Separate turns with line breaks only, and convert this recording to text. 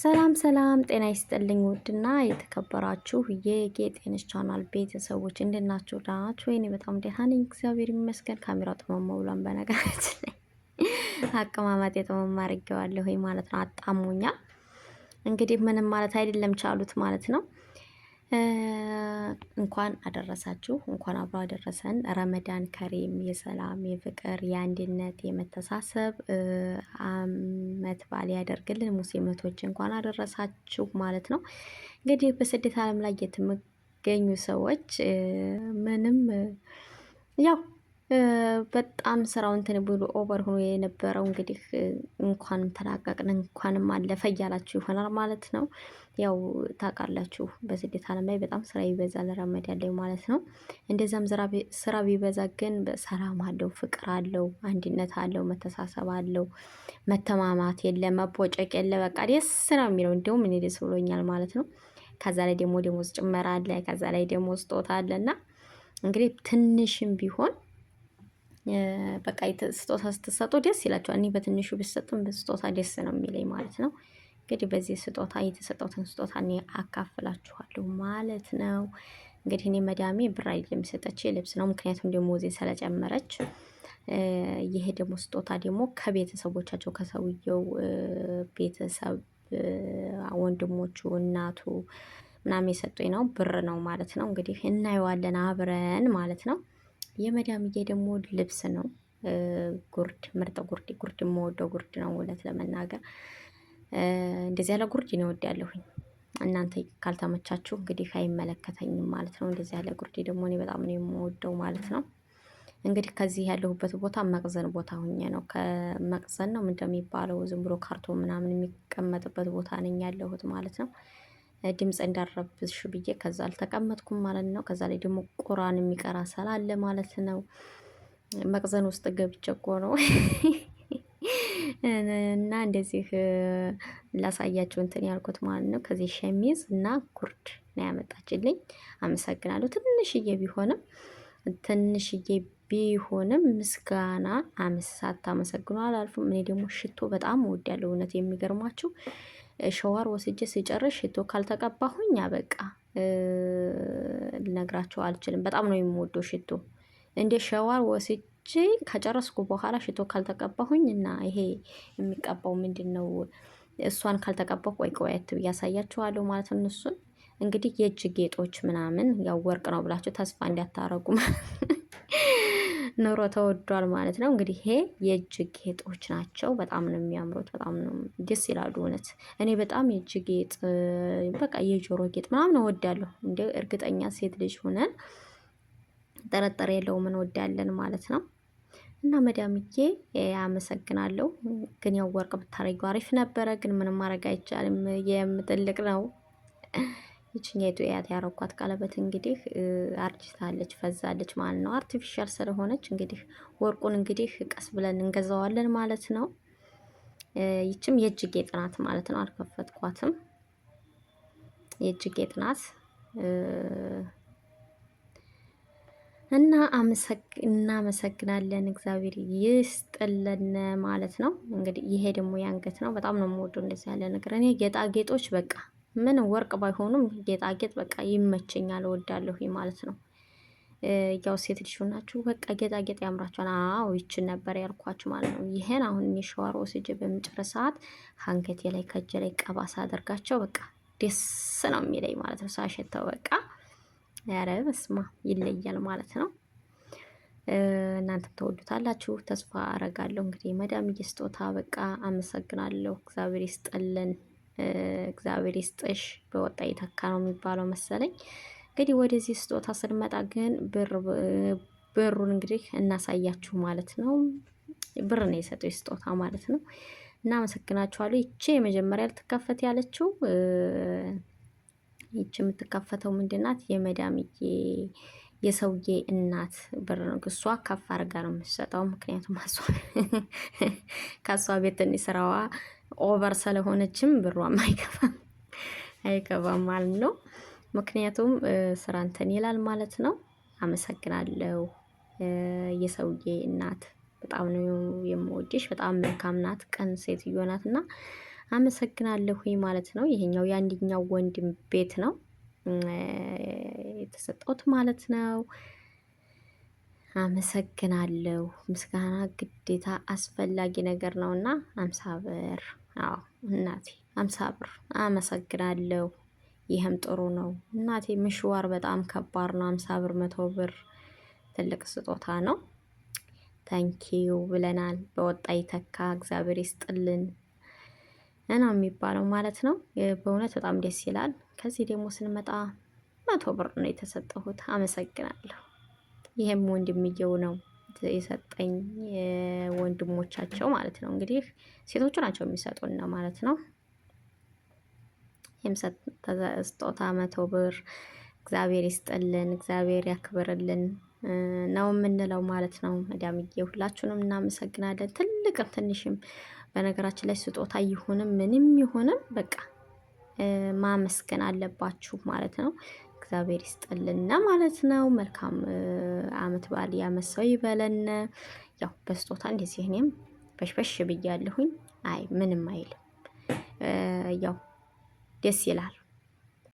ሰላም ሰላም፣ ጤና ይስጥልኝ ውድና የተከበራችሁ የጌጤንሽ ቻናል ቤተሰቦች እንድናችሁ ዳናችሁ? ወይኔ በጣም ደህና ነኝ እግዚአብሔር ይመስገን። ካሜራው ጥመማ ብሏን በነገራችን ላይ አቀማመጥ የጥመማ አድርጌዋለሁ ማለት ነው። አጣሙኛል እንግዲህ ምንም ማለት አይደለም ቻሉት ማለት ነው። እንኳን አደረሳችሁ፣ እንኳን አብሮ አደረሰን። ረመዳን ከሪም የሰላም የፍቅር የአንድነት የመተሳሰብ አመት በዓል ያደርግልን። ሙስሊሞች እንኳን አደረሳችሁ ማለት ነው። እንግዲህ በስደት ዓለም ላይ የትም ሰዎች ምንም ያው በጣም ስራው እንትን ብሎ ኦቨር ሆኖ የነበረው እንግዲህ እንኳንም ተላቀቅን እንኳንም አለፈ እያላችሁ ይሆናል ማለት ነው። ያው ታውቃላችሁ በስደት ዓለም ላይ በጣም ስራ ይበዛል፣ ረመድ ያለው ማለት ነው። እንደዛም ስራ ቢበዛ ግን ሰላም አለው፣ ፍቅር አለው፣ አንድነት አለው፣ መተሳሰብ አለው፣ መተማማት የለ፣ መቦጨቅ የለ፣ በቃ ደስ ነው የሚለው። እንዲሁም እኔ ደስ ብሎኛል ማለት ነው። ከዛ ላይ ደግሞ ደሞዝ ጭመራ አለ፣ ከዛ ላይ ደግሞ ስጦታ አለ እና እንግዲህ ትንሽም ቢሆን በቃ ስጦታ ስትሰጡ ደስ ይላቸዋል። እኔ በትንሹ ብሰጥም ስጦታ ደስ ነው የሚለኝ ማለት ነው። እንግዲህ በዚህ ስጦታ የተሰጠውትን ስጦታ እኔ አካፍላችኋለሁ ማለት ነው። እንግዲህ እኔ መዳሜ ብር አይደለም የሰጠች ልብስ ነው፣ ምክንያቱም ደሞዜ ስለጨመረች። ይሄ ደግሞ ስጦታ ደግሞ ከቤተሰቦቻቸው ከሰውየው ቤተሰብ ወንድሞቹ፣ እናቱ ምናምን የሰጡኝ ነው ብር ነው ማለት ነው። እንግዲህ እናየዋለን አብረን ማለት ነው። የመዳምዬ ደግሞ ልብስ ነው። ጉርድ ምርጥ ጉርድ ጉርድ የምወደው ጉርድ ነው። እውነት ለመናገር እንደዚህ ያለ ጉርድ ነው ያለሁኝ። እናንተ ካልተመቻችሁ እንግዲህ አይመለከተኝም ማለት ነው። እንደዚህ ያለ ጉርድ ደግሞ እኔ በጣም ነው የምወደው ማለት ነው። እንግዲህ ከዚህ ያለሁበት ቦታ መቅዘን ቦታ ሁኜ ነው። ከመቅዘን ነው እንደሚባለው ዝም ብሎ ካርቶን ምናምን የሚቀመጥበት ቦታ ነኝ ያለሁት ማለት ነው። ድምፅ እንዳረብሽ ብዬ ከዛ አልተቀመጥኩም ማለት ነው። ከዛ ላይ ደግሞ ቁራን የሚቀራ አለ ማለት ነው። መቅዘን ውስጥ ገብቼ እኮ ነው እና እንደዚህ ላሳያችሁ እንትን ያልኩት ማለት ነው። ከዚህ ሸሚዝ እና ኩርድ ነው ያመጣችልኝ። አመሰግናለሁ። ትንሽዬ ቢሆንም ትንሽዬ ቢሆንም ምስጋና አመሳት አመሰግኗል አልፉ። እኔ ደግሞ ሽቶ በጣም ያለው እውነት የሚገርማችሁ ሸዋር ወስጄ ስጨርስ ሽቶ ካልተቀባሁኝ በቃ ልነግራቸው አልችልም። በጣም ነው የምወደው ሽቶ። እንደ ሸዋር ወስጄ ከጨረስኩ በኋላ ሽቶ ካልተቀባሁኝ እና ይሄ የሚቀባው ምንድን ነው? እሷን ካልተቀባሁ ቆይ ቆየት ብዬ ማለት ነው። እሱን እንግዲህ የእጅ ጌጦች ምናምን ያው ወርቅ ነው ብላችሁ ተስፋ እንዲያታረጉ ኑሮ ተወዷል ማለት ነው። እንግዲህ ይሄ የእጅ ጌጦች ናቸው። በጣም ነው የሚያምሩት። በጣም ነው ደስ ይላሉ። እውነት እኔ በጣም የእጅ ጌጥ በቃ የጆሮ ጌጥ ምናምን እወዳለሁ። እንደ እርግጠኛ ሴት ልጅ ሆነን ጥርጥር የለውም እንወዳለን ማለት ነው። እና መዳምዬ አመሰግናለሁ። ግን ያው ወርቅ ብታረጊው አሪፍ ነበረ። ግን ምንም ማድረግ አይቻልም። የምትልቅ ነው ይችኛይቱ ያት ያረኳት ቀለበት እንግዲህ አርጅታለች ፈዛለች ማለት ነው። አርቲፊሻል ስለሆነች እንግዲህ ወርቁን እንግዲህ ቀስ ብለን እንገዛዋለን ማለት ነው። ይችም የእጅ ጌጥ ናት ማለት ነው። አልከፈትኳትም። የእጅ ጌጥ ናት እና እናመሰግናለን። እግዚአብሔር ይስጥልን ማለት ነው። እንግዲህ ይሄ ደግሞ ያንገት ነው። በጣም ነው የምወደው እንደዚህ ያለ ነገር እኔ ጌጣጌጦች በቃ ምን ወርቅ ባይሆኑም ጌጣጌጥ በቃ ይመቸኛል፣ እወዳለሁ ማለት ነው። ያው ሴት ልጅ ሆናችሁ በቃ ጌጣጌጥ ያምራችኋል። አዎ ይችን ነበር ያልኳችሁ ማለት ነው። ይሄን አሁን እኔ ሸዋር ወስጄ ሰዓት ሀንገቴ ላይ ከእጄ ላይ ቀባሳ አደርጋቸው በቃ ደስ ነው የሚለኝ ማለት ነው። ሳሸተው በቃ ኧረ በስመ አብ ይለያል ማለት ነው። እናንተም ተወዱታላችሁ ተስፋ አረጋለሁ። እንግዲህ መዳም እየስጦታ በቃ አመሰግናለሁ። እግዚአብሔር ይስጠልን። እግዚአብሔር ይስጥሽ በወጣ ይተካ ነው የሚባለው መሰለኝ። እንግዲህ ወደዚህ ስጦታ ስንመጣ ግን ብሩን እንግዲህ እናሳያችሁ ማለት ነው። ብር ነው የሰጠው ስጦታ ማለት ነው። እና አመሰግናችኋለሁ። ይቺ የመጀመሪያ ልትከፈት ያለችው ይቺ የምትከፈተው ምንድናት? የመዳምዬ የሰውዬ እናት ብር ነው። እሷ ከፍ አድርጋ ነው የምትሰጠው፣ ምክንያቱም ከእሷ ቤት ስራዋ ኦቨር ስለሆነችም ብሯም አይገባም አይገባም ማለት ነው። ምክንያቱም ስራ እንትን ይላል ማለት ነው። አመሰግናለሁ የሰውዬ እናት በጣም ነው የምወድሽ። በጣም መልካም ናት፣ ቀን ሴትዮ ናት እና አመሰግናለሁ ማለት ነው። ይሄኛው የአንድኛው ወንድም ቤት ነው የተሰጠውት ማለት ነው። አመሰግናለሁ ምስጋና ግዴታ አስፈላጊ ነገር ነውና አምሳ ብር አዎ እናቴ አምሳ ብር አመሰግናለሁ። ይህም ጥሩ ነው እናቴ ምሽዋር በጣም ከባድ ነው። አምሳ ብር መቶ ብር ትልቅ ስጦታ ነው። ታንኪዩ ብለናል በወጣ ይተካ እግዚአብሔር ይስጥልን ነው የሚባለው ማለት ነው። በእውነት በጣም ደስ ይላል። ከዚህ ደግሞ ስንመጣ መቶ ብር ነው የተሰጠሁት አመሰግናለሁ። ይህም ወንድምየው ነው የሰጠኝ ወንድሞቻቸው ማለት ነው። እንግዲህ ሴቶቹ ናቸው የሚሰጡና ማለት ነው። ስጦታ መቶ ብር እግዚአብሔር ይስጥልን፣ እግዚአብሔር ያክብርልን ነው የምንለው ማለት ነው። መዳምዬ ሁላችሁንም እናመሰግናለን። ትልቅም ትንሽም በነገራችን ላይ ስጦታ ይሁንም ምንም ይሁንም በቃ ማመስገን አለባችሁ ማለት ነው። እግዚአብሔር ይስጥልን ማለት ነው። መልካም አመት በዓል ያመሰው ይበለን። ያው በስጦታ እንደዚህ እኔም በሽበሽ ብያለሁኝ። አይ ምንም አይልም። ያው ደስ ይላል።